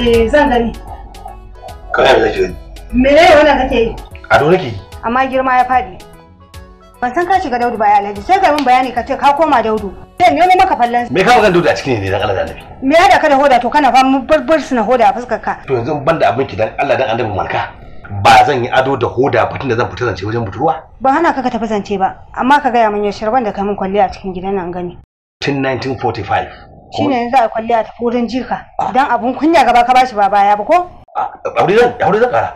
Me zan gani? Kana da gani. Me ne wannan kake yi? Ado nake. Amma girma ya faɗi. Ban san ka shiga Daudu ba ya Alhaji sai ga min bayani ka ce ka koma Daudu. Sai ne maka fallan. Me ka magana Daudu a cikin ne dan Allah da Annabi? Me ya da ka da hoda to kana fa burbur suna hoda a fuskar ka. To yanzu ban da abin ki dan Allah dan Annabi malka. Ba zan yi ado da hoda ba tunda zan fita zance wajen budurwa. Ban hana ka ka tafi zance ba amma ka gaya min yaushe ban da ka min kwalliya a cikin gidan nan gani. Tun 1945 shine yanzu a kwalliya ta wurin jika ah. dan abun kunya gaba ka bashi ba baya ba ko ah, aure zan aure zan kara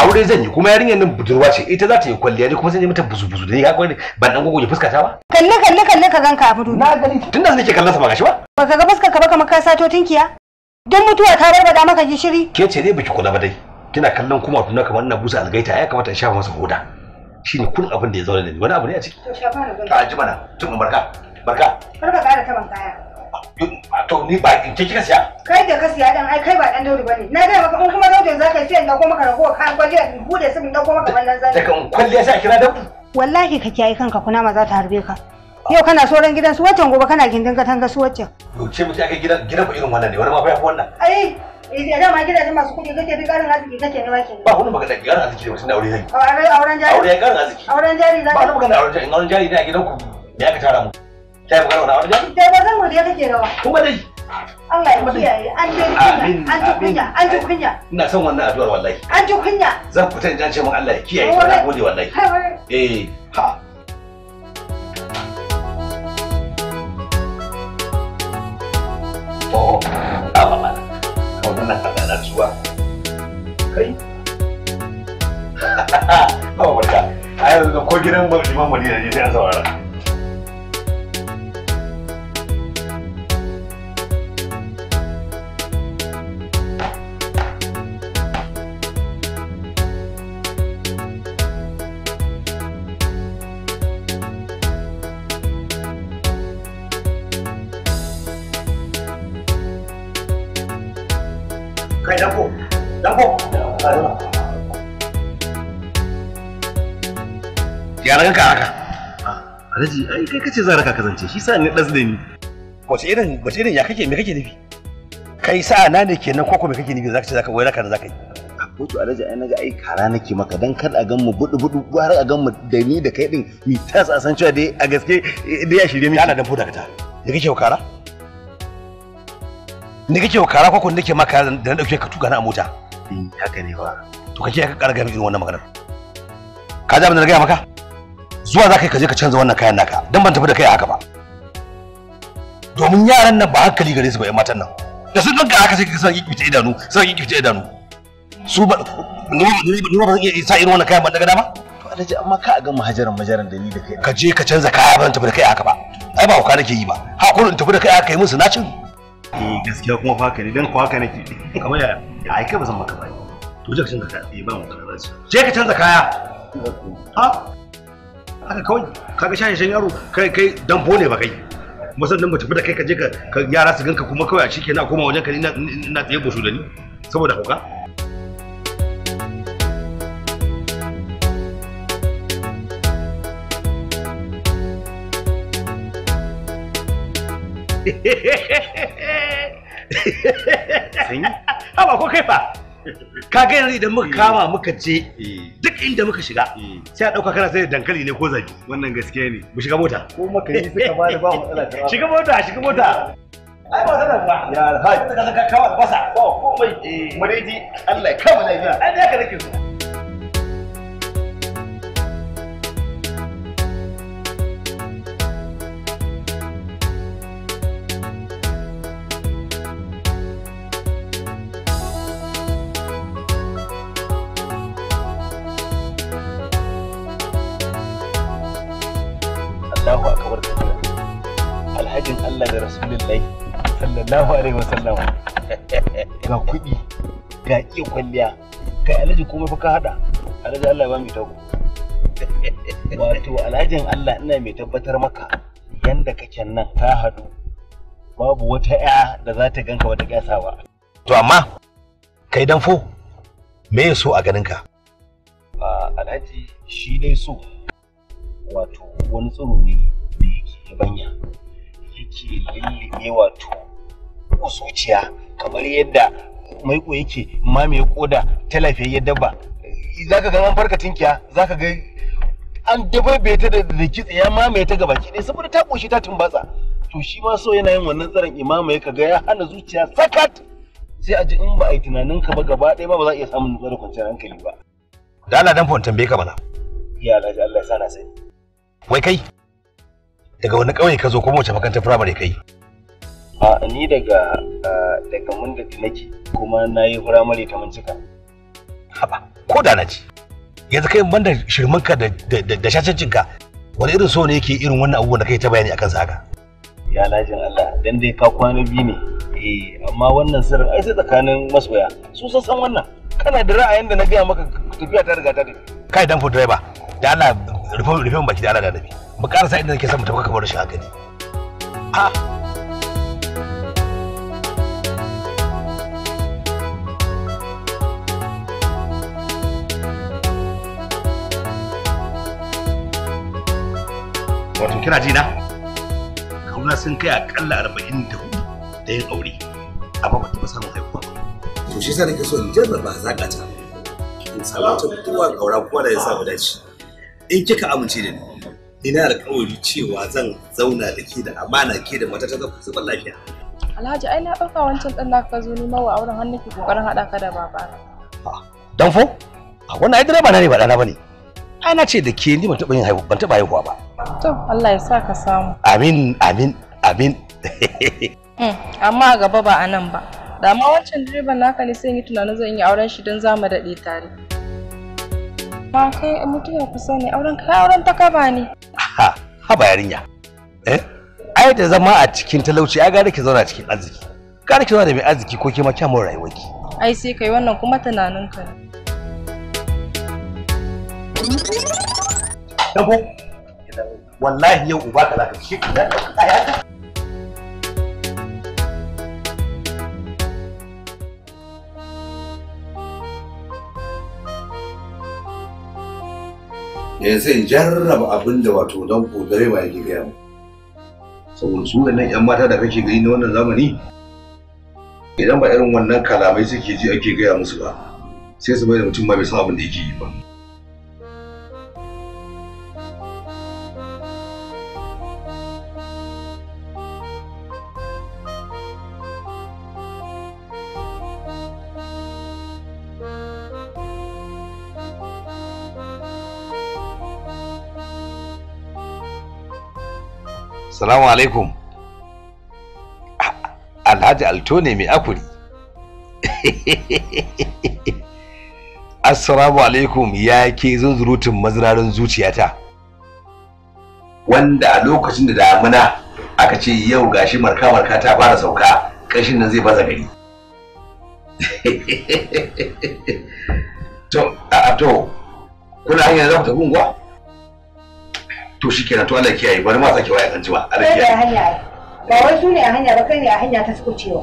aure zan yi kuma yarinyar nan budurwa ce ita za ta yi kwalliya ne kuma zan yi mata buzu buzu ne ka kwani ban dan gogoje fuska ta ba kalle kalle kalle ka ganka a na gani tun da nake kallon sa ba gashi ba ba ka ga fuskar ka ba kamar ka sato tinkiya don mutuwa ta bada maka gishiri ke ce dai biki kula ba dai kina kallon kuma na kamar ina busa algaita ya kamata in shafa masa hoda shine kun abin da ya zaune da ni wani abu ne a ciki to shafa na a ji mana tun barka barka kar ka kara taban kaya ah, to ni ba ke kika siya kai da ka dan ai kai ba dan dauri bane na ga maka in kuma dauri za ka sai da kuma ka rago ka kwalliya in bude su in dauko maka wannan zan daga in kwalliya sai kira dauri wallahi ka kiyaye kanka kuna ma za ta harbe ka yau kana so ran gidan su waccan gobe kana gindin ka tanga su waccan to ce mu mutum aka gidan gidan ba irin wannan ne wani ma fa yafi wannan ai idan eh, dama gidajen masu kuɗi kake duk ƙarin arziki kake ne wake ba kuma magana ƙarin arziki ne mutum da aure zai auren jari auren jari auren jari za ba kuma magana auren jari auren jari ne a gidan ku me aka tara mu ta yi magana wani abu da ba zan mu da kake rawa kuma dai Allah ya kiyaye an je kunya an an ji ina son wannan addu'ar wallahi an ji zan fita in ce min Allah ya kiyaye ta na gode wallahi eh ha to ba ba ba kawai na kada na zuwa ba ba ba ai ko gidan ba liman mu ne sai an saurara Ka ce zara ka kasance shi sa ni das da ni wace irin wace irin ya kake me kake nufi kai sa na ne kenan ko ko me kake nufi zaka ce zaka wai ka da zaka yi kotu alaji ai naga ai kara nake maka dan kar a gan mu budu budu har a gan mu da ni da kai din mi ta sa san cewa dai a gaske eh, dai ya shirye miki ana da fuda ta da kake kara ni kake kara ko ko nake maka da na dauke ka tuka na a mota eh, haka ne ba to kake ka karga min irin wannan maganar ka ji abin da na gaya maka zuwa za ka je ka canza wannan kayan naka don ban tafi da kai haka ba domin yaran nan ba hankali gare su ba 'yan matan nan da sun ɗanka haka sai ka san ta idanu sai ta idanu su ba ni ba zan iya sa irin wannan kayan ban daga dama to alhaji amma ka a gama hajaran majaran da ni da kai ka je ka canza kaya ban tafi da kai haka ba ai ba hauka nake yi ba in tafi da kai haka yi musu na gaskiya kuma fa haka ne dan ko haka nake kamar ya ai kai ba zan maka ba to je ka canza kaya eh, ba mu kana je ka canza kaya ha haka kawai kaga shan yaro kai kai dambo ne ba kai musamman mu da kai ka je ka yara su ganka kuma kawai a shi kenan koma wajen ka ni ina tsaye bushu da ni saboda hauka Sim. Ah, mas qual que é, ka ga yanzu idan muka hmm. kama muka je hmm. duk inda muka shiga hmm. sai a dauka kana sai da dankali ne ko zaki wannan gaskiya ne mu shiga mota ko maka yi suka ba da ba matsala shiga mota shiga mota ai ba sanar ba ya alhaji ka saka kawo basa ko komai eh. mu dai ji Allah ya kama lafiya ai da ka nake so sallallahu alaihi wasallam ga kuɗi ga iya kwalliya kai alhaji kuma fa ka hada alhaji Allah ba mai tago wato alhajin Allah ina mai tabbatar maka yanda kake nan ka hadu babu wata ya da za ta ganka wata ba. to amma kai dan fo me ya so a ganinka alhaji shi dai so wato wani tsoro ne da yake yabanya yake lullube wato ko zuciya kamar yadda maiko yake mamaye koda ta lafiyayyar dabba za ka ga an farka tinkiya za ka ga an dababe ta da kitse ya mamaye ta gaba ki saboda ta koshi ta tumbatsa to shi ma so yana yin wannan tsaron imama ya kaga ya hana zuciya sakat sai a ji in ba a yi tunanin ka ba gaba ɗaya ba ba za a iya samun nutsuwa da kwanciyar hankali ba da Allah dan fon tambaye ka bana. ya Alhaji Allah ya sana sai. wai kai daga wani ƙauye ka zo kuma wace makarantar firamare kai a ni daga daga mun da nake kuma na yi firamare ta cika haba ko da na ci yanzu kai banda shirmanka da da shashancinka wani irin so ne yake irin wannan abubuwan da kai ta bayani akan saka ya lajin Allah dan dai ka kwana biyu ne eh amma wannan sirrin ai sai tsakanin masoya su san san wannan kana da ra'ayin da na gaya maka tafiya ta riga ta tafi kai dan food driver da Allah rufe rufe baki da Allah da nabi mu karasa inda nake son mu tafi kamar shi haka ne ha wato kina jina? kauna sun kai akalla arba'in da hudu da yin aure a ba taɓa samun haihuwa to shi sa nake so in jarraba ka ta in samu tabbatarwa kaura kuma da ya samu dace in kika amince da ni ina alƙawari cewa zan zauna da ke da amana ke da mata ta zafi zuban lafiya. Alhaji ai na ɗauka wancan ɗan da ka zo nema wa auren hannu ke ƙoƙarin haɗa ka da babana. Dan fo? A wannan ai direba na ne ba ɗana ba ne. Ai na ce da ke ni ban taɓa yin haihuwa ban taɓa haihuwa ba. To, Allah ya sa ka samu. Amin, amin, amin. Hmm, amma gaba ba a nan ba. Da ma wancan direban naka ne sai yi tunanin zan yi auren shi don zamu daɗe tare. Ba kai mutuwa ku ne auren kai auren ta kaba ne. Ha, ha ba yarinya. Eh? Ai da zama a cikin talauci ai ga ki zauna cikin arziki. Gara ki zauna da mai arziki ko ke ma kyamun rayuwarki. Ai sai kai wannan kuma tunanin ka. Dabo. wallahi yau uba ka zaka shi yanzu in jarraba abin da wato don kodare ba yake gaya saboda su nan yan mata da kake gani na wannan zamani idan ba irin wannan kalamai suke ji ake gaya musu ba sai su bai da mutum ma bai san abin da yake yi ba Assalamu alaikum. Alhaji Alto ne mai akuri. Assalamu alaikum ya ke zunzurutun mazirarin zuciyata. Wanda a lokacin da damuna aka ce yau gashi marka-marka ta fara sauka ƙarshen nan zai baza gari. To, a to, kuna hanyar za ku tafi to shi kenan to Allah kiyaye bari ma sake waya kan jiwa Allah kiyaye hanya ba wai su ne a hanya ba kai ne a hanya ta suko cewa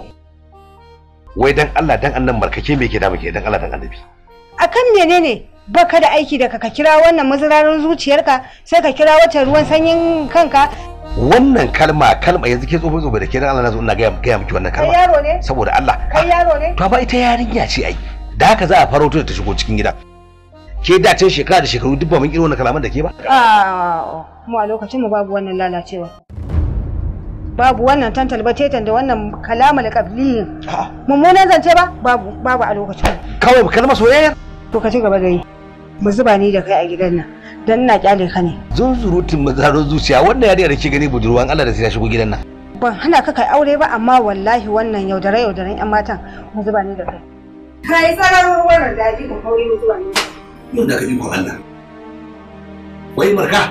wai dan Allah dan annan markake me yake da muke dan Allah dan annabi akan menene baka da aiki da ka kira wannan mazurarin zuciyarka sai ka kira wata ruwan sanyin kanka wannan kalma kalma yanzu ke tsofe tsofe da ke dan Allah na zo ina ga ga miki wannan kalma kai yaro ne saboda Allah kai yaro ne to ba ita yarinya ce ai da haka za a faro ta shigo cikin gida ke da can shekara da shekaru duk ba mun irin wannan kalaman da ke ba ah, mu a lokacin mu babu wannan lalacewa babu wannan tantalba tetan da wannan kalamal qabli ah. mummunan zance ba babu babu a lokacin kawai kalmar soyayya to ka ci gaba da yi mu zuba ni da kai a gidan nan dan na kyale ka ne zunzurutun mazarin zuciya wannan yariya da ke gani budurwan Allah da sai ya shigo gidan nan ban hana ka kai aure ba amma wallahi wannan yaudare yaudaren yan matan mu zuba ni da kai kai sarar ruwan da daji ka kauri mu zuba ni yau da ka ikon Allah wai marka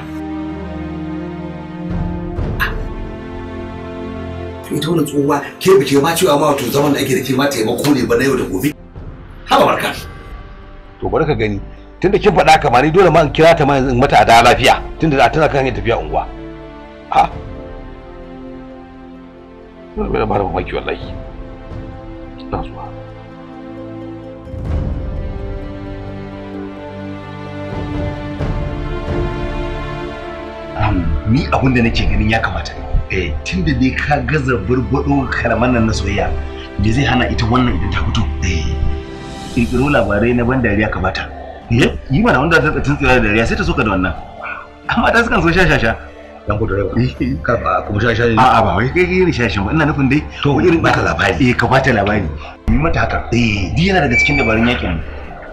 to ita wannan tsohuwa ke ba ke ma cewa ma wato zaman da ake da ke ma taimako ne ba na yau da gobe haba marka to bari ka gani tunda kin faɗa ka ni dole ma in kira ta ma in mata a da lafiya tunda da tana kan tafiya unguwa ha Ina da ba da mamaki wallahi. Ina zuwa. ni abin da nake ganin ya kamata eh tun da dai ka gaza burbuɗo karaman nan na soyayya me zai hana ita wannan idan ta fito eh kirkiro labarai na ban dariya kamata eh yi mana wanda ta tsin tsira da dariya sai ta soka da wannan amma ta sukan so sha sha sha dan ku direba eh, eh. ka ba kuma sha sha a'a ba wai kai irin sha sha ba ina nufin dai to irin baka labari eh ka bata labari yi mata haka eh yana daga cikin dabarun yakin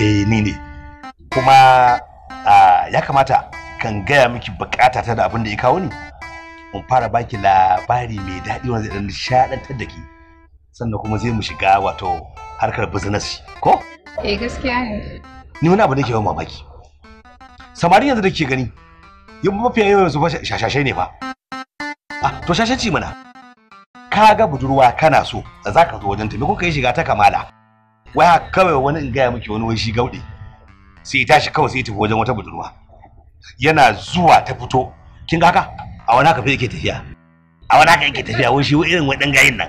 eh ni ne kuma ya kamata kan gaya miki bukata ta da abin da ya kawo ni Mun fara baki labari mai daɗi wanda zai nishaɗantar da ki sannan kuma zai mu shiga wato harkar business ko eh gaskiya ne ni wani abu da ke yawan mamaki samarin yanzu da ke gani yin mafi yawan yanzu shashashe ne ba. ah to shashanci mana ka ga budurwa kana so za ka zo wajen ta me kuka yi shiga ta kamala waya kawai wani in gaya miki wani shi gauɗe sai ya tashi kawai sai ya tafi wajen wata budurwa yana zuwa ta fito kin ga haka a wani haka fa yake tafiya a wani haka yake tafiya wani shi irin wani gayin nan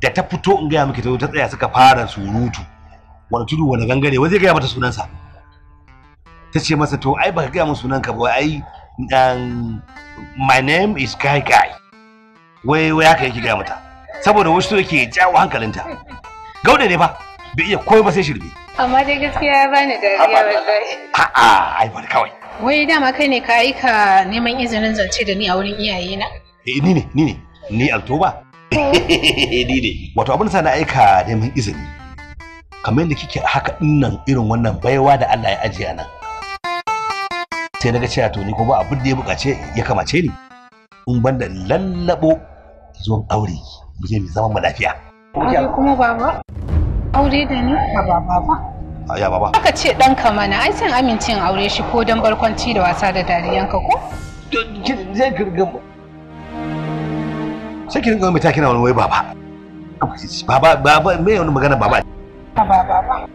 da ta fito in gaya miki ta ta tsaya suka fara surutu wani tudu wani gangare wai zai gaya mata sunansa ta ce masa to ai baka gaya mun sunan ka ba ai um, my name is kai kai wai wai haka yake gaya mata saboda wasu yake jawo hankalinta Gauda ne fa bai iya koyi ba sai shirme. Amma dai gaskiya ya bani dariya wallahi. A'a ai bari kawai. Wai dama kai ne ka aika neman izinin zance da ni a wurin iyaye na? Eh ni ne ni ne ni Altoba. Oh. Ni ne. Wato abin sa na aika neman izini. Kamar yadda kike haka dinnan irin wannan baiwa da Allah ya ajiya nan. Sai na ga cewa to ni ko ba abin da ya bukace ya kamace ni. In banda lallabo zuwan aure mu je mu zama mu lafiya. Aure kuma baba? Aure da ni? Baba baba. Ya baba. Aka ce ɗanka mana ai san amincin aure shi ko don barkwanci da wasa da dariyanka ko? Zai kirgin mu. Sai ki rinka mai takina wani wai baba. Baba baba me wani magana baba. Baba baba.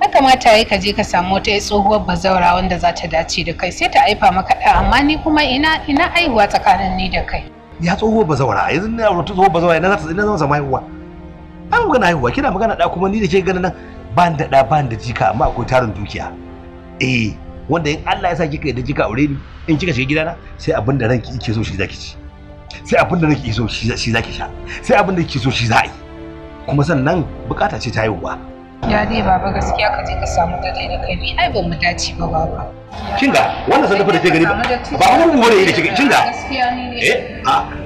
Ya kamata yayi ka je ka samu wata tsohuwar bazaura wanda za ta dace da kai sai ta aifa maka ɗa amma ni kuma ina ina aihuwa tsakanin ni da kai. Ya tsohuwar bazaura yanzu ina wata tsohuwar bazaura ina za ta zama haihuwa. an magana haihuwa kina magana da kuma ni da ke ganin nan ba da da ba da jika amma akwai tarin dukiya eh wanda in Allah ya sa kika da jika aure ni in kika shiga gidana sai abin da ranki yake so shi zaki ci sai abin da ranki so shi zaki sha sai abin da kike so shi za a yi kuma sannan bukata ce ta haihuwa ya dai baba gaskiya ka je ka samu da da kai ni ai ban mu dace ba baba kinga wannan sadafa da ke gani ba ba mun mu bane da kinga kinga eh a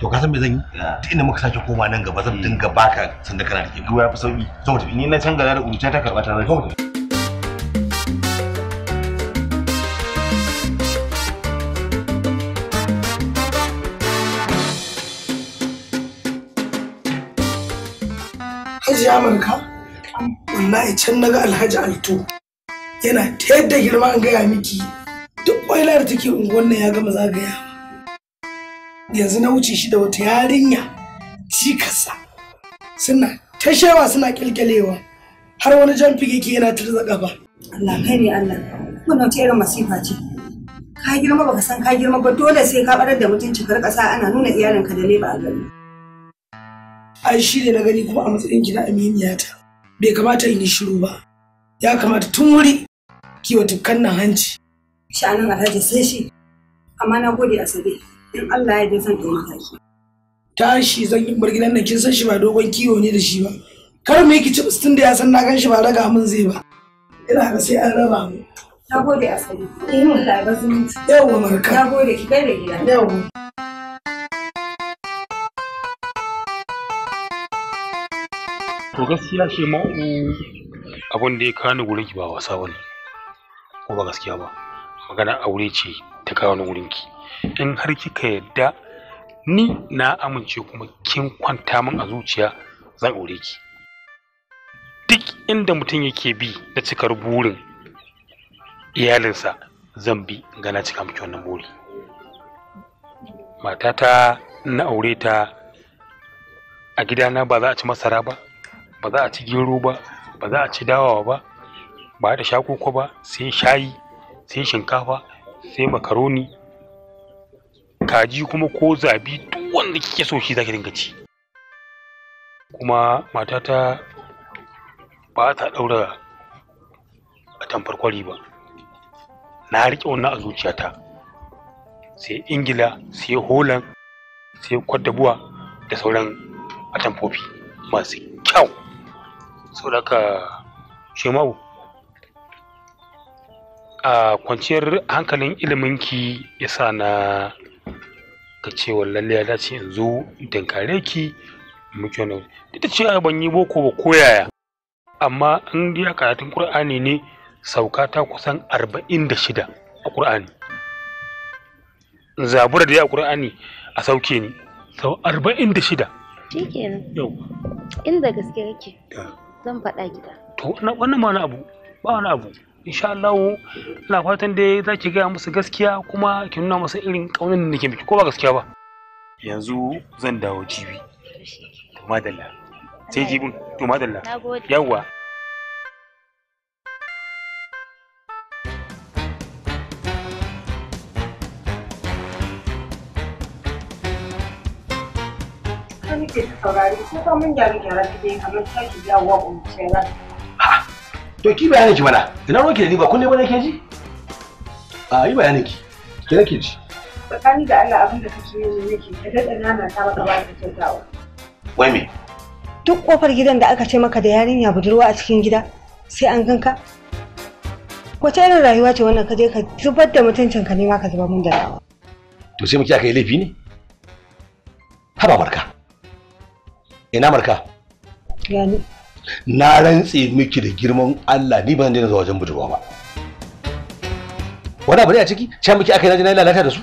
to ka san me zan yi duk inda muka sake koma nan gaba zan dinga baka sanda kana rike ya fi sauki saboda mu ni na canza da kuruciya ta karba ta zai zo Hajji Amurka, wallahi can naga Alhaji Alto yana ta yadda girma an gaya miki duk da take unguwan nan ya gama zagaya. yanzu na wuce shi da wata yarinya cikasa suna ta shewa suna kilkilewa har wani jan fige yana tirza gaba Allah kai ne Allah wannan ta irin masifa ce ka girma baka san ka girma ba dole sai ka barar da mutunci kar kasa ana nuna iyalinka da leba a gari ai shi ne na gani kuma a matsayin ki na aminiyata bai kamata in yi shiru ba ya kamata tun wuri kiwa tukkan nan hanci sha'anin alhaji sai shi amma na gode asabe Allah ya san zan ɗauki taki. Tashi zan yi bar gidan nan kin san shi ba dogon kiwo ne da shi ba. Kar mu yi kicibis tun da ya san na gan shi ba raga min zai ba. Ina ga sai an raba mu. Ta gode asali. Ina Allah ya zumunci. Yawwa marka. Ta gode ki kai da gida. Yawwa. To gaskiya shi ma'u abin da ya kawo wurin gurin ki ba wasa bane. Ko ba gaskiya ba. Magana aure ce ta kawo ni gurin ki. in har kika yadda ni na amince kuma kin kwanta min a zuciya zan aure ki duk inda mutum yake bi na cikar burin iyalinsa zan bi ga na cika miki wannan buri matata na aure ta a gidana ba za a ci masara ba ba za a ci gero ba ba za a ci dawa ba ba da shakoko ba sai shayi sai shinkafa sai makaroni kaji kuma ko zabi duk wanda kike so shi zaki dinga ci kuma matata ba ta daura a tamfar kwari ba na riƙe wannan a zuciyata sai ingila sai holan sai kwadabuwa da sauran atamfofi masu kyau sau da ka a kwanciyar hankalin iliminki ya sa na ka ce lalle ya dace in zo in tankare ki muke na duk da cewa ban yi boko ba koyaya amma in dai karatun qur'ani ne sauka ta kusan arba'in da shida a qur'ani zabura da ya qur'ani a sauke ni sau arba'in da shida inda gaske kake zan faɗa gida to wannan ma wani abu ba wani abu insha Allah ina fatan dai za ki gaya musu gaskiya kuma ki nuna musu irin kaunin da nake miki ko ba gaskiya ba yanzu zan dawo jibi to madalla sai jibin to madalla yawwa Kani ke saurari, ko ta mun gyara gyara ta dai kamar ta ki jawo wa umar to ki bayanin ki mana ina ruwanki da ni ba kullum bane ke ji a yi bayanin ki ki nake ji tsakani da Allah abin da kake yi nake ka daɗa nana ta maka ba da kyautawa wai me duk kofar gidan da aka ce maka da yarinya budurwa a cikin gida sai an ganka wace irin rayuwa ce wannan ka je ka zubar da mutuncin ka ne ma ka zuba mun da rawa to sai yi laifi ne haba marka ina marka yani na rantse miki da girman Allah ni ban daina zuwa wajen budurwa ba wani abu ne a ciki can miki aka yi na lalata da su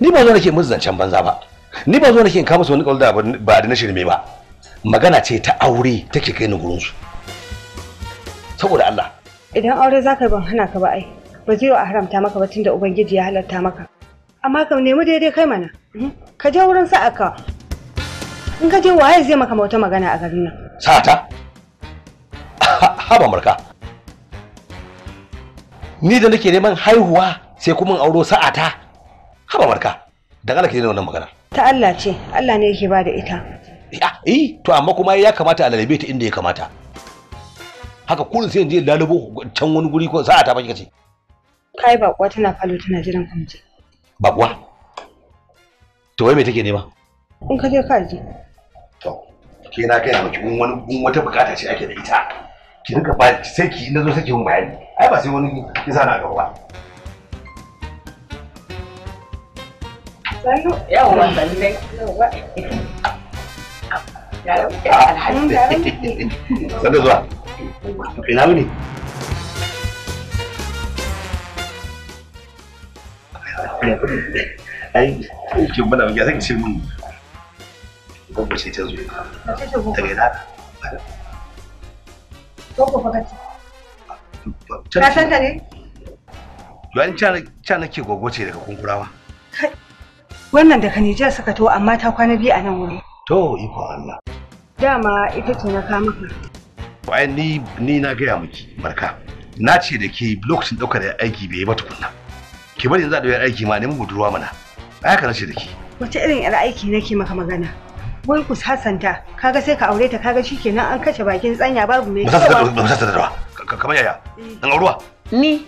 ni ba zo nake musu zancen banza ba ni ba zo nake in kama su wani kaul da ba da na shirme ba magana ce ta aure take kai ni gurin su saboda Allah idan aure zaka ban hana ka ba ai ba zai a haramta maka ba tunda ubangiji ya halatta maka amma ka nemi daidai kai mana hmm? ka je wurin sa'a ka in ka je waye zai maka wata magana a garin nan sa'ata haba marka ni da nake neman haihuwa sai kuma auro sa'ata haba marka dan Allah ke wannan magana ta Allah ce Allah ne yake ba da ita eh to amma kuma ya kamata a lalabe ta inda ya kamata haka kullum sai in je lalubo can wani guri ko sa'ata ba kika ce kai bakuwa tana falo tana jiran ka muje bakuwa to wai me take nema in ka je ka je to kina kai na miki wani wata bukata ce ake da ita ki rika ba sai ki na zo sai ki mun bayani ai ba sai wani ki sana ga ba Sanu, zuwa. Ina wuni? Ai, ya ce Gwamnati ta zo. Ta gaida. Gogo fa kace. Ka san ta ne? Yan can nake gogo ce daga kunkurawa. Wannan daga Nijar suka to amma ta kwana biyu a nan wuri. To iko Allah. Dama ita ce na kama ka. Ai ni ni na gaya miki barka. Na ce da ke lokacin ɗaukar aiki bai yi ba tukunna. Ki bari yanzu a ɗaukar aiki ma neman budurwa mana. Ai haka na ce da ke. Wace irin 'yar aiki nake maka magana? wai ku sasanta kaga sai ka aure ta kaga shikenan an kace bakin tsanya babu mai cewa ba sasanta da ba kamar yaya eh. an auruwa ni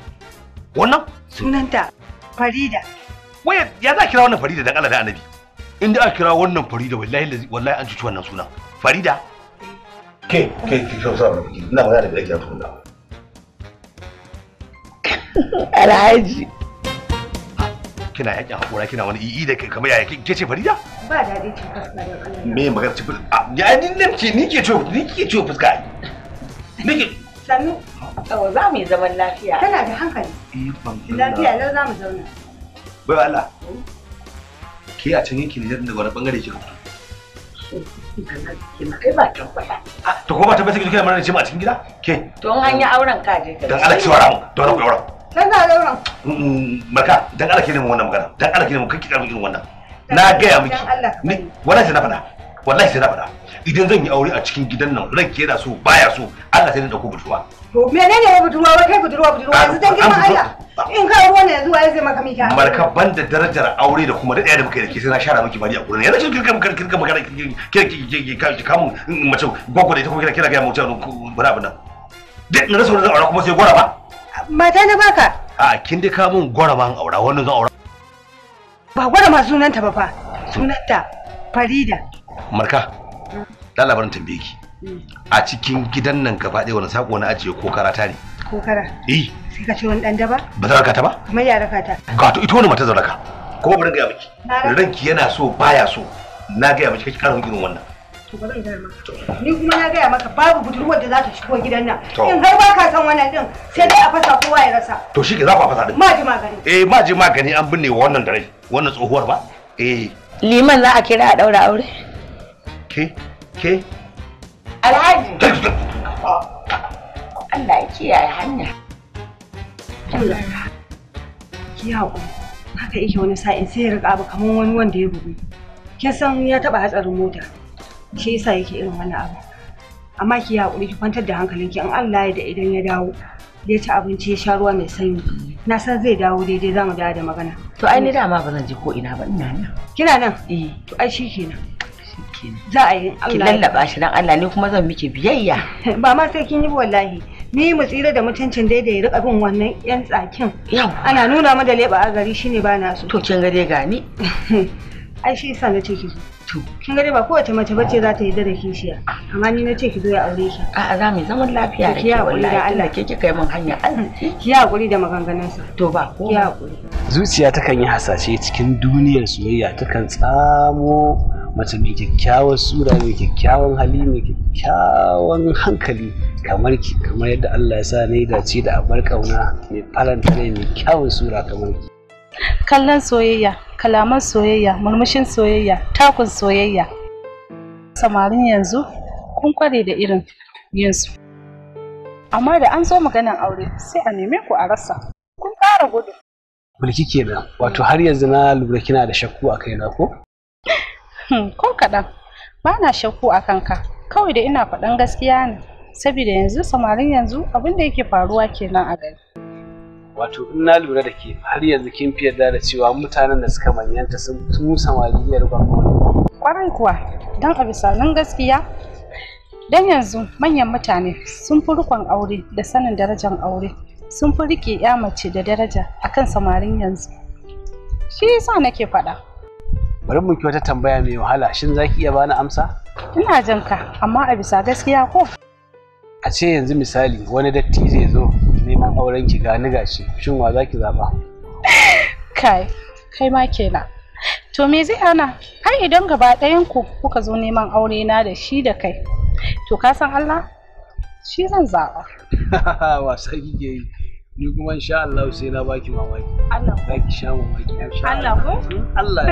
wannan sunanta farida wai ya za kira wannan farida dan Allah da annabi inda aka kira wannan farida wallahi wallahi an cuci wannan sunan farida ke ke ki so sa ina magana da gidan tunda alhaji kina yakin hakura kina wani ii e e da kamar yaya ke ce farida ba daɗi ce fuska me magana ce fuska ya ni nan ke ni ke ce ni ke ce fuska ni ke sanu oh, za mu yi zaman lafiya kana da hankali eh, lafiya lau za mu zauna bai Allah ke a can yankin Nijar daga wani bangare ke fito ah, to ko ba tabbata kike mana ce ma a cikin gida ke don an yi auren kaje dan Allah ki wara mu don ku Kai za lauran. Marka, dan Allah ke nemi wannan magana. Dan Allah ke nemi kake karbi irin wannan. Na gaya miki. Ni wallahi sai na faɗa. Wallahi sai na faɗa. Idan zan yi aure a cikin gidan nan, ranki yana so baya so, Allah sai na dauko budurwa. To menene ne budurwa wai kai budurwa budurwa yanzu dan girman Allah. In kai ruwan yanzu waye zai maka miki. Marka banda darajar aure da kuma da da muka yi da ke sai na share miki bari a gurin. Yanzu kin kirka kirka kirka magana kirka kirka mun mace gwagwa da ita kuma kira kira ga mutum bura abin nan. Duk na rasa wani zan aure kuma sai mata na baka a kin dai ka mun gwara ban aura wannan zan aura ba gwara ma sunanta ba fa sunanta farida marka dan labarin tambaye ki a cikin gidan nan gaba ɗaya wani sako na ajiye ko karata ne ko kara eh sai ka ce wani dan da ba za raka ta ba kamar ya raka ta ga to ita wani mata zan raka kuma bari ga miki ranki yana so baya so na ga miki kake karin irin wannan gaya maka ni kuma na gaya maka babu budurwar da za ta shigo gidan nan in har ba ka san wannan din sai dai a fasa kowa ya rasa to shi ke za ku fasa din maji magani eh maji magani an binne wa wannan dare wannan tsohuwar ba eh liman za a kira a daura aure ke ke alhaji Allah ya kiyaye hanya ki haƙuri haka yake wani sa'in sai ya riƙa abu kamar wani wanda ya bugu kin san ya taɓa hatsarin mota shi yasa yake irin wani abu amma ki haƙuri ki kwantar da hankalinki in Allah ya da idan ya dawo ya ci abinci ya sha ruwa mai sanyi na san zai dawo daidai za mu dawo da magana to ai ni dama ba zan je ko ina ba ina nan kina nan eh to ai shi kenan za a yi Allah ki lallaba shi dan Allah ni kuma zan miki biyayya ba ma sai kin yi wallahi ni mu tsira da mutuncin dai da ya rika bin wannan yan tsakin ana nuna mu da leba a gari shine ba na so to kin ga dai gani ai shi yasa na ce ki zo To. Kin ga dai ba kowace mace bace za ta yi da kishiya. Amma ni na ce ki zo ya aure shi. A'a za mu zaman lafiya da ke wallahi da Allah ke kika yi min hanya arziki. Mm, ki hakuri da maganganunsa. To ba ko. Ki hakuri. Zuciya takan yi hasashe cikin duniyar soyayya ta kan tsamo mace mai kyakkyawar sura mai kyakkyawan hali mai kyakkyawan hankali kamar ki kamar yadda Allah ya sa na dace da abar kauna mai faranta mai kyawun sura kamar ki. Kallon soyayya kalaman soyayya murmushin soyayya takun soyayya samarin yanzu kun kware da irin yinsu amma da an zo maganan aure sai a neme ku a rasa kun ƙara gudu bulki kenan wato har yanzu na lura kina da shakku a kaina ko hmm, ko kaɗan ba na shakku a kanka kawai da ina faɗan gaskiya ne saboda yanzu samarin yanzu abin da yake faruwa kenan a gari wato in na lura da ke har yanzu kin fi yarda da cewa mutanen da suka manyanta sun tusa maliyar gwamnati kwarai kuwa don a bisa nan gaskiya don yanzu manyan mutane sun fi rikon aure da sanin darajar aure sun fi rike ya mace da daraja a kan samarin yanzu shi yasa nake faɗa bari mun wata tambaya mai wahala shin zaki iya bani amsa ina jinka amma a bisa gaskiya ko a ce yanzu misali wani datti zai zo neman auren ki ga ni gashi shin wa zaki zaba kai kai ma kenan to me zai ana har idan gaba ɗayan ku kuka zo neman aure na da shi da kai to ka san Allah shi zan zaba wasa kike yi ni kuma insha Allah sai na baki mamaki Allah ki sha mamaki Allah ko Allah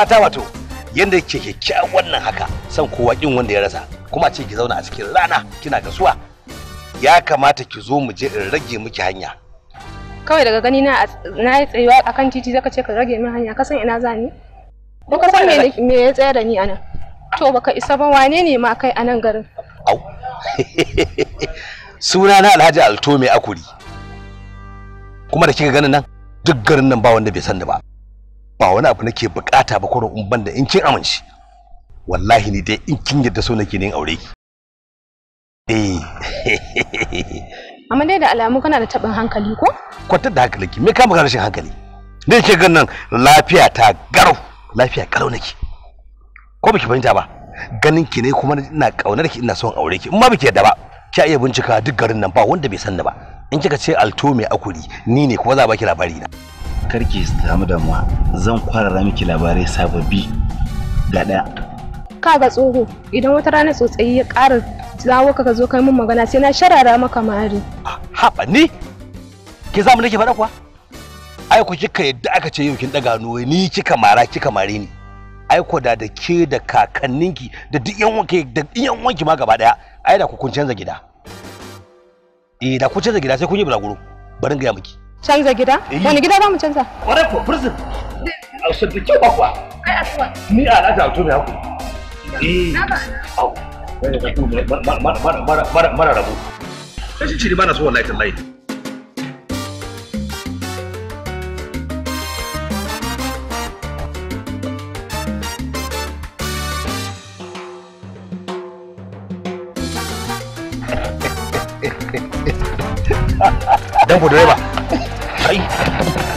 mata wato yadda ke kyakkyawan wannan haka san kowa kin wanda ya rasa kuma ce ki zauna a cikin rana kina gasuwa ya kamata ki zo mu je in rage miki hanya kawai daga gani na na yi tsayuwa akan titi zaka ce ka rage min hanya ka san ina za ni ko ka san me ya tsaya da ni anan to baka isa ba wane ne ma kai anan garin au suna na Alhaji Alto mai akuri kuma da kika ganin nan duk garin nan ba wanda bai san da ba ba wani abu nake bukata ba kwaro in banda in kin amince wallahi ni dai in kin yadda so nake yin aure ki eh amma dai da alamu kana da tabin hankali ko kwatar da hankali me ka maka rashin hankali ne ke gan nan lafiya ta garau lafiya garau nake ko biki fahimta ba ganin ki ne kuma ina kaunar ki ina son aure ki in ma biki yadda ba ki iya bincika duk garin nan ba wanda bai san ni ba in kika ce alto mai akuri ni ne kuma za baki labari na karki samu damuwa zan kwarara miki labarai sababbi ga daya kaga tsoho idan wata rana tsotsayi ya ƙara zawo ka zo kai min magana sai na sharara maka mari ah, haɓa ni ki zamu nake faɗa kuwa ai ku kika yadda aka ce yau kin daga nuwai ni kika mara kika mare ni aiko da da ke da kakanninki da duk yan wanki da yan wanki ma gaba daya ai da kun canza gida eh da ku canza gida sai kun yi bulaguro barin ga miki canza gida eh. wani gida za mu canza kwarai ko prison a duke kyau kwa kai asuwa ni a lada to ne haku eh au mara rabu kashi ciri ba so wallahi tallahi dan ku direba kai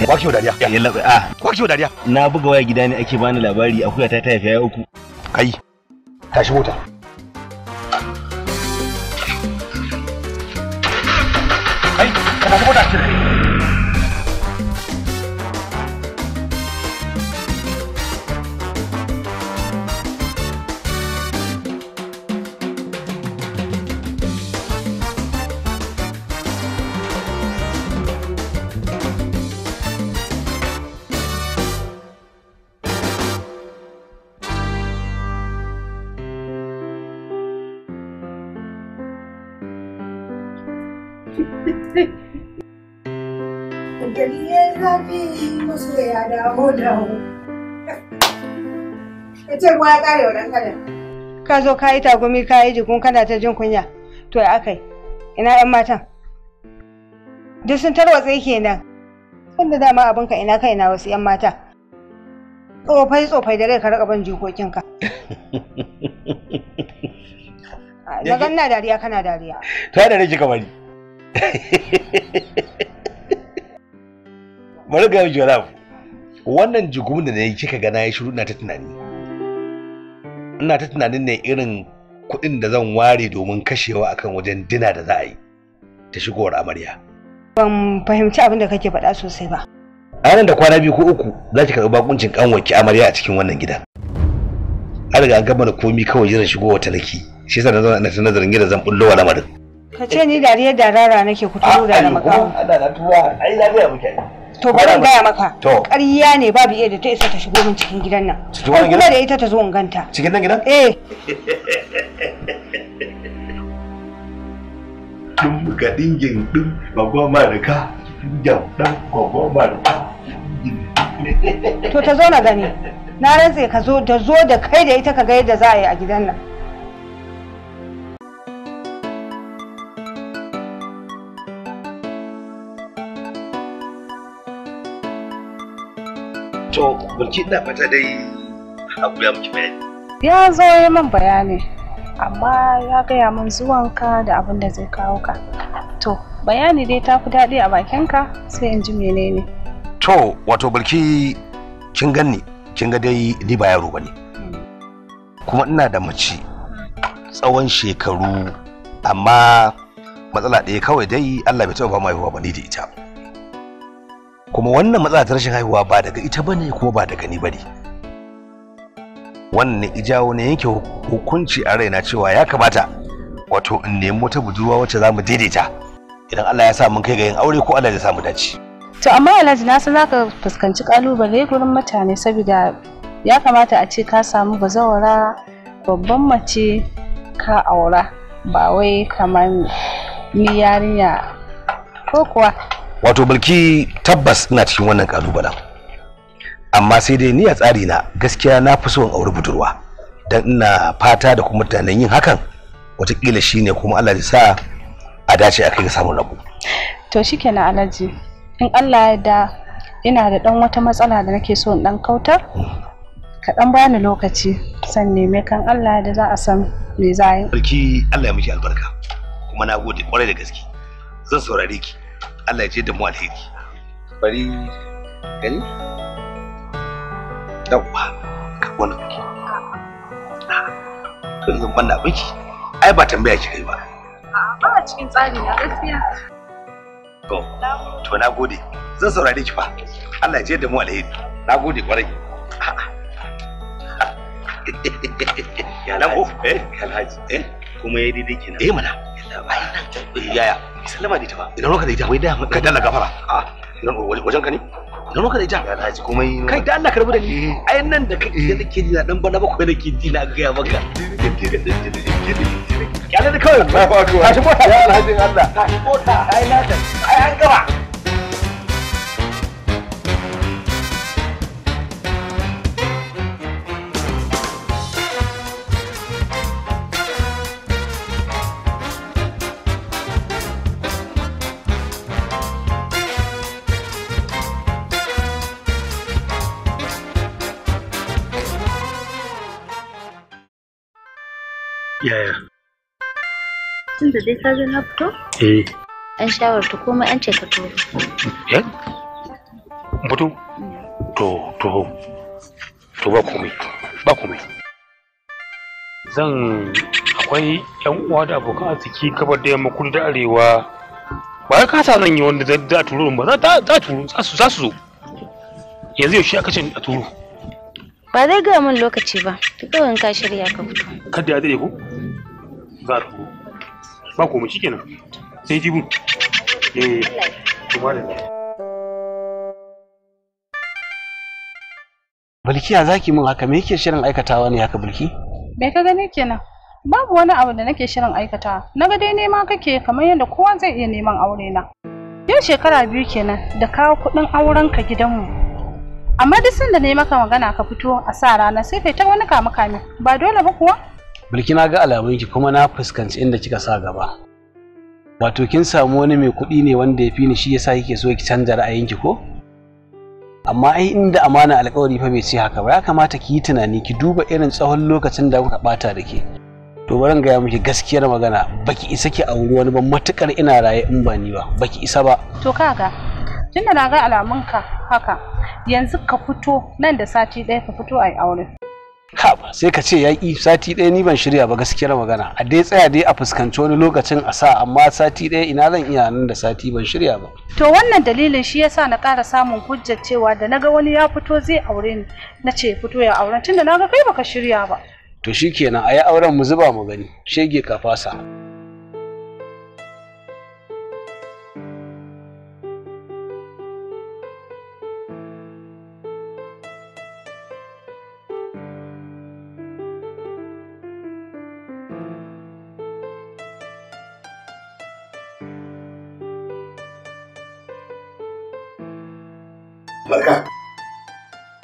kwaki dariya ya eh, labe ah. a kwaki dariya na buga waya gida ne ake bani labari akuya ta ta ya uku kai tashi mota wa ɗan Ka zo ka yi tagumi ka yi jikun kana ta jin kunya. To ya akai, ina 'yan matan? Duk sun tarwatse kenan. Tunda dama abinka ina kai na wasu 'yan mata. Tsofai tsofai da rai ka raka bin jikokinka. Na gan na dariya kana dariya. To da rai kika bari. Bari ga yau Wannan jigumin da na yi kika gana ya shiru na ta tunani. ina ta tunanin ne irin kuɗin da zan ware domin kashewa akan wajen dina da za a yi ta shigowar amarya ban fahimci abin da kake faɗa sosai ba a nan da kwana biyu ko uku za ki karɓi bakuncin ƙanwaki amarya a cikin wannan gidan an riga an gama da komi kawai jiran shigowar ta nake shi yasa na zauna ina ta nazarin yadda zan bullo wa lamarin ka ce ni dariya da rara nake kuturo da na makawa a da ai lafiya muke to bari gaya maka ƙarya ne babu iya da ta isa ta shigo min cikin gidan nan cikin wannan gidan da ita ta zo in ganta cikin nan gidan eh dum ga dingin dum gwagwama da ka jam dan gwagwama da to ta zo na gani na rantse ka zo da zo da kai da ita ka ga yadda za a yi a gidan nan Bulki ina fata dai abu ya miki bayani. Ya zo ya min bayani amma ya gaya min zuwanka da abin da zai kawo ka. To bayani dai ta fi daɗi a bakinka sai in ji menene. To wato bulki kin ganni kin ga dai ni ba yaro bane. Kuma ina da mace tsawon shekaru amma matsala ɗaya kawai dai Allah bai taɓa ba mai ba ni da ita. kuma wannan matsala ta rashin haihuwa ba daga ita ba bane kuma ba daga ni bane wannan ijawo ne yanke hukunci a raina cewa ya kamata wato in nemi wata budurwa wacce za mu daidaita idan Allah ya sa mun kai ga yin aure ko Allah ya sa mu dace to amma Alhaji na san zaka fuskanci kalubale gurin mutane saboda ya kamata a ce ka samu bazawara babban mace ka aura ba wai kamar ni yarinya ko kuwa wato bulki tabbas ina cikin wannan kalubalen amma sai dai ni a tsari na gaskiya na fi son auri budurwa dan ina fata da kuma tunanin yin hakan watakila shine kuma Allah ya sa a dace a kai ga samun rabu to shikenan alhaji in Allah ya da ina da dan wata matsala da nake so in dan kautar ka dan bani lokaci san neme kan Allah da za a san me za yi Allah ya miki albarka kuma na gode kwarai da gaske zan saurare ki Allah ya je da mu alheri bari gani yawwa wannan to yanzu ban da biki, ai ba tambaya ki kai ba ba a cikin tsari na gaskiya to to na gode zan saurare ki fa Allah ya je da mu alheri na gode kwarai ya lamu eh alhaji eh kuma ya daidai kenan eh mana eh, yaya sallama da ita ba idan roka da ita wai da ka dalla gafara ah. a idan wajen ka ne idan roka da ita ya laji komai kai da Allah karbu da ni eh. ai nan da kake eh. da kake jina dan bana ba ko da ke jina ga ya maka kyale da kawai ta shi mota ya alhajin Allah ta shi mota ai na ta ai an gaba da dai ka zo na fito? Eh. An ta komai an ce ka to. Eh? Mutu? To to to ba komai ba komai. Zan akwai yan uwa da abokan arziki kabar da yamma kudu da arewa ba ka sa nan yi wanda za a turo ba za a turo za su zo yanzu yaushe aka ce a turo ba zai gaya min lokaci ba duk kawai ka shirya ka fito kada ya dade ko? za a turo ba komai shikenan sai jibu eh kuma zaki mun haka me yake shirin aikatawa ne haka Bilki? Me ka gani kenan? Babu wani abu da nake shirin aikata. Na ga dai nema kake kamar yadda kowa zai iya neman aure na. Yau shekara biyu kenan da kawo kuɗin auren ka gidanmu. Amma duk sanda ne maka magana ka fito a sa rana sai kai ta wani kamuka ne, Ba dole ba kuwa? bilki na ga alamunki kuma na fuskanci inda kika sa gaba wato kin samu wani mai kuɗi ne wanda ya fi ni shi yasa kike so ki canza ra'ayinki ko amma ai inda amana alƙawari fa bai ce haka ba ya kamata ki yi tunani ki duba irin tsawon lokacin da kuka bata da ke to bari gaya miki gaskiyar magana baki isa ki auri wani ba matukar ina raye in ba ni ba baki isa ba to kaga tunda na ga alamunka haka yanzu ka fito nan da sati ɗaya ka fito a yi aure sai ka ce yaƙi sati ɗaya ni ban shirya ba gaskiyar magana a dai tsaya dai a fuskanci wani lokacin a sa amma sati ɗaya ina zan iya nan da sati ban shirya ba to wannan dalilin shi yasa na ƙara samun hujjar cewa da naga wani ya fito zai aure ni na ce fito ya auren tunda naga kai baka shirya ba to shikenan a yi auren mu zuba mu gani shege ka fasa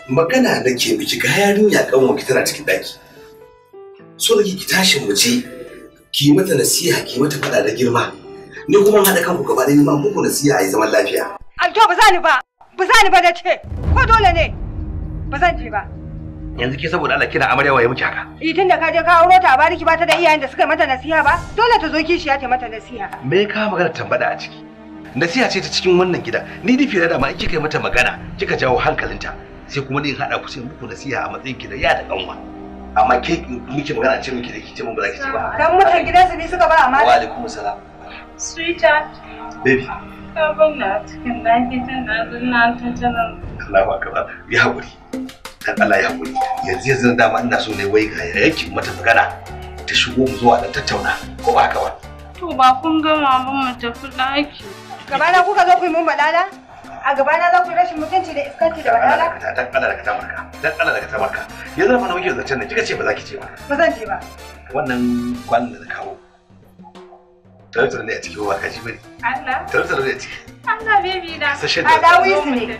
magana ke biki ga yarinya kan ki tana cikin daki so da ki tashi mu ce ki mata nasiha ki mata fada da girma ni kuma haɗa kanku gaba ɗaya ma muku nasiha a yi zaman lafiya aljo ba za ni ba ba za ni ba da ce ko dole ne ba zan je ba yanzu ke saboda Allah kira amaryawa ya miki haka eh tunda ka je ka auro ta bariki ba ta da iyayen da suka mata nasiha ba dole ta zo kishiya ta mata nasiha me ka magana tambada a ciki nasiha ce ta cikin wannan gida ni fira da ma kike mata magana kika jawo hankalinta sai kuma ni in haɗa ku sai muku nasiha a matsayin ki da ya da kanwa amma ke muke magana ce miki da ki ce mun ba za ki ci ba dan mutan gidansu ne suka ba amma wa alaikum salam sweetheart baby ka na cikin daki tana na ta tana Allahu akbar ya hakuri dan Allah ya hakuri yanzu yanzu dama ina so ne wai ga yake mata magana ta shigo mu zuwa dan tattauna ko ba haka ba to ba kun gama ba mu tafi daki gaba na kuka zo ku yi mun balala a gabana, na za ku rashin mutunci da iskanci da wadala dan Allah daga tabarka dan Allah da daga tabarka yanzu na muke zancen nan kika ce ba za ki ce ba ba zan ce ba wannan kwanan da na kawo tarutar ne a ciki ba kaji bane Allah tarutar ne a ciki Allah baby na a dawisu ne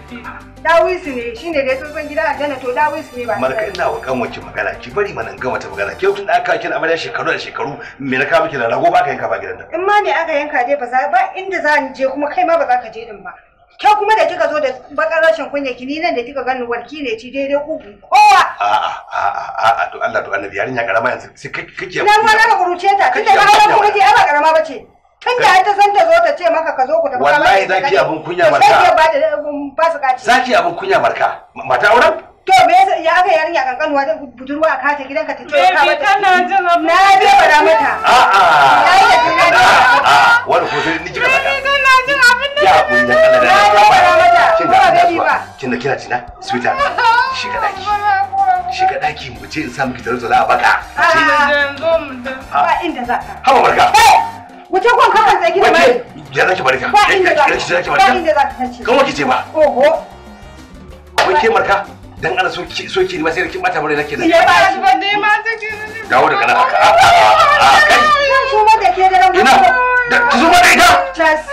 dawisu ne shine dai tsotson gida a jana to dawisu ne ba marka ina wa kan wacce magana ki bari mana gama ta magana ke tun da aka kira amarya shekaru da shekaru me na kawo miki da rago ba ka yanka ba gidan da. in ma ne aka yanka dai ba za ba inda za ni je kuma kai ma ba za ka je din ba ke kuma da kika zo da bakar rashin kunya ki nan da kika gani warki ne ci daidai ku, kowa a'a a to Allah to annabi yarinya karama yanzu sai kake na ma na kuruce ta kike ga auren ku ji ba karama bace tun da ta san ta zo ta ce maka ka zo ku tafi wallahi um, zaki abun kunya marka sai ba ba su kaci zaki abun kunya marka mata auren to me ya ga yarinya kankanuwa da budurwa a ta gidanka ta ce ka ba ta jin abun na je da mata a'a a wani ko sai ni kika saka ya hakuri kin da kina tina sweetheart shiga daki shiga daki mu in sa miki tarzo za a baka ba za barka wuce kon kan sai gidan mai ya zaki barka ba inda za ba inda za ka tace kuma kice ba oho ke barka dan ana so ki so ki ni ma sai kin bata mure nake da ya ba shi ba ma take dawo da kana haka a kai ina da su da ita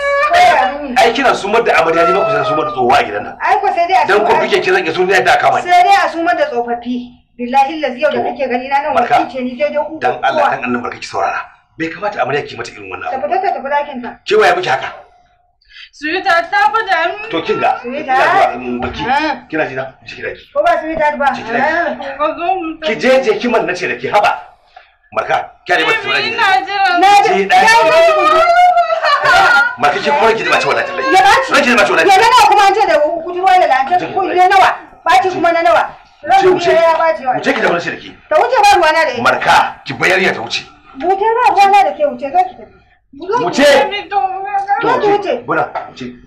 ai kina sumar da amarya ne ba ku san sumar da tsohuwa a gidan nan ai ko sai dai a dan ku kike kiran ki sunan da aka mai sai dai a sumar da tsofaffi billahi lazi yau da kake gani na nan wani ce ni sai dai ku dan Allah dan annabi barka ki saurara bai kamata amarya ki mata irin wannan abu tafi ta tafi dakin ta ke waya miki haka Suita ta fada mu. To kin ga. Suita. Um, ah. Kina ji na? Ki kira ki. Ko ba suita ba. Ki kira ki. Ah, ki je je ki man nace da ki haba. marka kyare mata tura ji na ji da marka ki kuma ki da mace wadata lai ya ba ci ki da mace wadata ya nawa kuma an ce da kudi wala da an ce kun ne nawa baci kuma na nawa ce wuce wuce ki da wani shirki ta wuce ba ruwana da marka ki bayar ya ta wuce wuce ba ruwana da ke wuce zo ki tafi wuce to wuce bura wuce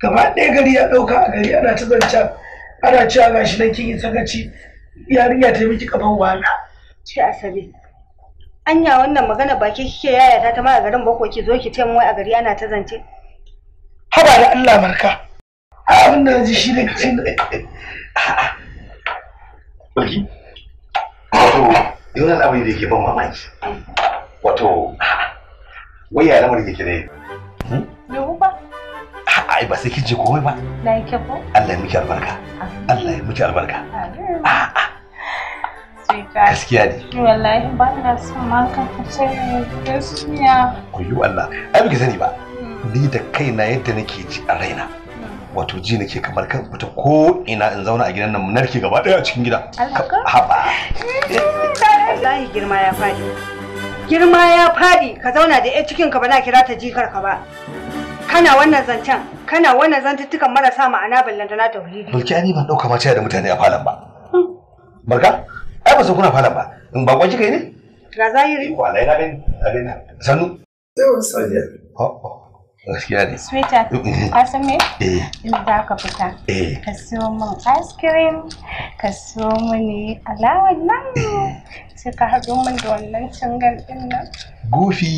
gaba ɗaya gari ya ɗauka a gari ana ta zancan ana cewa ga shi nan kiki yi sakaci yarinya ta miki kafan wala. ce asabe anya wannan magana baki kike yaya ta ma a garin bako ki zo ki ce wai a gari ana ta zance haba da Allah barka a abin da ji shi ne kacin baki wato yau abin da yake ban mamaki mm. wato wai ya lamar yake ne? Yau ba ai ba sai kije komai ba na yi ko? Allah ya miki albarka Allah ya miki albarka ah, ah. gaskiya ne wallahi ba na son ma ka fice gaskiya ku yi Allah ai biki sani ba hmm. ni da kaina yadda nake ji a raina hmm. wato ji nake kamar kan fita ko ina in zauna a gidan nan mu narke gaba daya a cikin gida haba wallahi girma ya fadi girma ya fadi ka zauna da ƴa cikin ka ba na kira ta jikar ka ba kana wannan zancen kana wannan zantuttukan marasa ma'ana ballantana tauhidi bulki ani ban dauka mace da mutane a falon ba barka ai ba san kuna falon ba in ba kwaji kai ne ga zahiri ko na bin alaina sanu yau sanya ha oh, oh. sweetheart ka me eh. in za ka fita eh. ka siyo min ice cream ka siyo mini alawa nan eh. sai ka haɗo min da wannan cingan ɗin nan gofi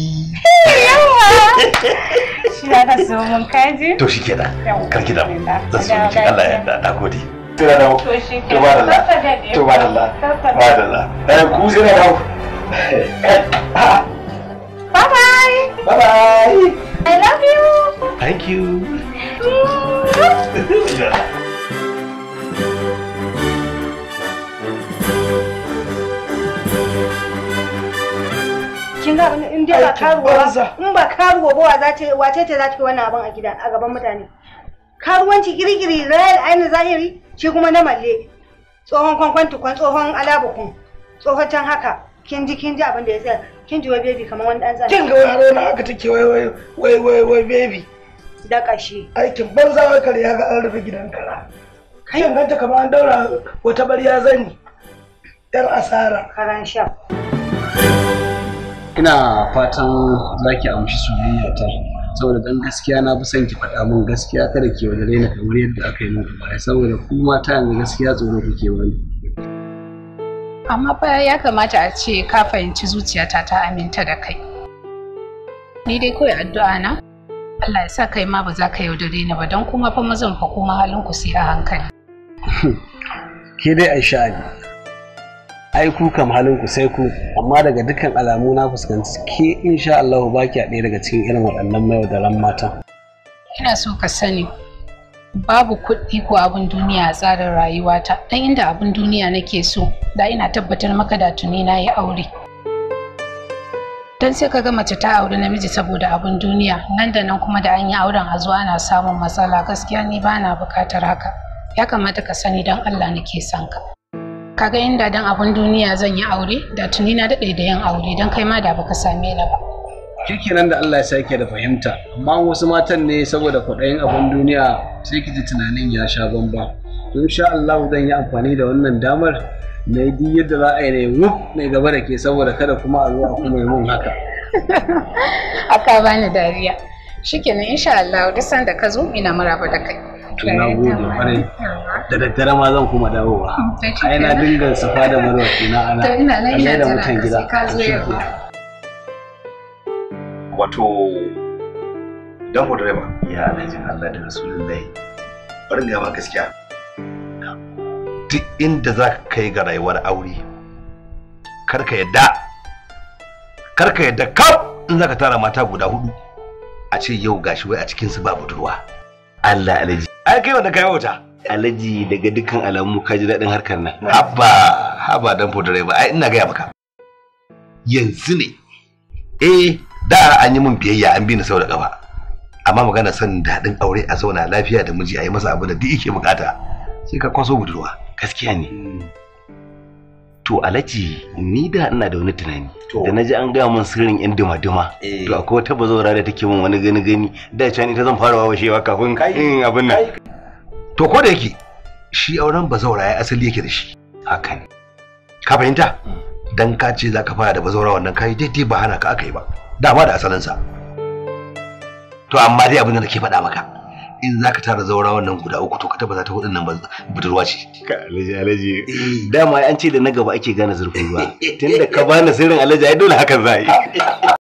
shi ya ka siyo min kaji to shi kenan kar ki damu zan so miki Allah ya yarda na gode tira dawo to ba da Allah to ba da Allah ba da Allah ku Bye bye. Bye bye. I love you. Thank you. Kin in dai ba karuwa abin a gida a gaban mutane. Karuwanci girgiri zahiri shi kuma na malle. Tsohon kwankwan tukwan tsohon alabukun tsohon can haka kin ji kin ji abin da ya tsaya kin ji wai baby kamar wani dan zan kin ga wai har wani haka take wai wai wai wai wai baby da kashi aikin banza wai kare ya ga an rufe gidan kara kin ganta kamar an daura wata barya zani yar asara karan sha ina fatan zaki amshi soyayya ta saboda dan gaskiya na fi son ki faɗa min gaskiya kada ki yaudare ni kamar yadda aka yi min baya saboda ku mata yanzu gaskiya tsoro kuke wani amma fa ya kamata a ce ka fahimci zuciyata ta aminta da kai ni dai kawai addu'a na Allah ya sa kai ma ba za ka yaudare ni ba don kuma fa mazan fa kuma halin ku sai a hankali ke dai Aisha ne ai ku kam halin ku sai ku amma daga dukkan alamu na fuskanci ke insha Allah ba ki a ɗaya daga cikin irin waɗannan mayaudaran mata ina so ka sani babu kuɗi ko abin duniya a tsarin rayuwata dan inda abin duniya nake so da ina tabbatar maka da tuni na yi aure don sai ka ga mace ta auri namiji saboda abin duniya nan da nan kuma da an yi auren a zuwa ana samun matsala gaskiya ni ba na bukatar haka ya kamata ka sani don allah nake son ka Ka ga inda dan abin duniya zan yi aure da tuni na daɗe da yin aure don kai ma da baka same ni ba kenan da Allah ya sake da fahimta amma wasu matan ne saboda kwaɗayin abin duniya sai ki tunanin ya sha bamba to insha Allah zan yi amfani da wannan damar na yi yadda za a yi ne wuf mai gaba da ke saboda kada kuma a zo a kuma yi mun haka aka bani dariya shikenan insha Allah duk sanda ka zo ina maraba da kai to gode kwarai da daddare ma zan kuma dawowa ai na dinga safa da marwa kina ana ina nan ina ka zo yau wato dan ku direba ya alhaji Allah da rasulullahi bari ga ma gaskiya duk inda za ka kai ga rayuwar aure kar ka yadda kar ka yadda kaf in za ka tara mata guda hudu a ce yau gashi wai a cikinsu ba budurwa Allah alhaji ai kai wanda kai wata. alhaji daga dukkan alamu ka ji daɗin harkar nan haba haba dan fodare ba ai ina gaya maka yanzu ne eh da an yi min biyayya an bi ni sau da kafa amma magana san daɗin aure a zauna lafiya da miji a yi masa abu da duk yake bukata sai ka kwaso budurwa gaskiya ne to alaji ni da ina da wani tunani da na ji an gaya min sirrin yan duma-duma eh. to akwai wata bazawara da take min wani gani gani da can ita zan fara washewa kafin kai abin nan to ko da yake shi auren bazawara ya asali yake da shi haka ne ka fahimta mm. dan ka ce za ka fara da bazawara wannan kai daidai ba hana ka aka yi ba dama da asalinsa to amma dai abin da nake faɗa maka in za ka tara zaura wannan guda uku to ka za ta hudun nan budurwa ce alaji alaji eh. dama an ce da na gaba ake gane zurfin ruwa tunda ka bani sirrin alaji ai dole hakan za yi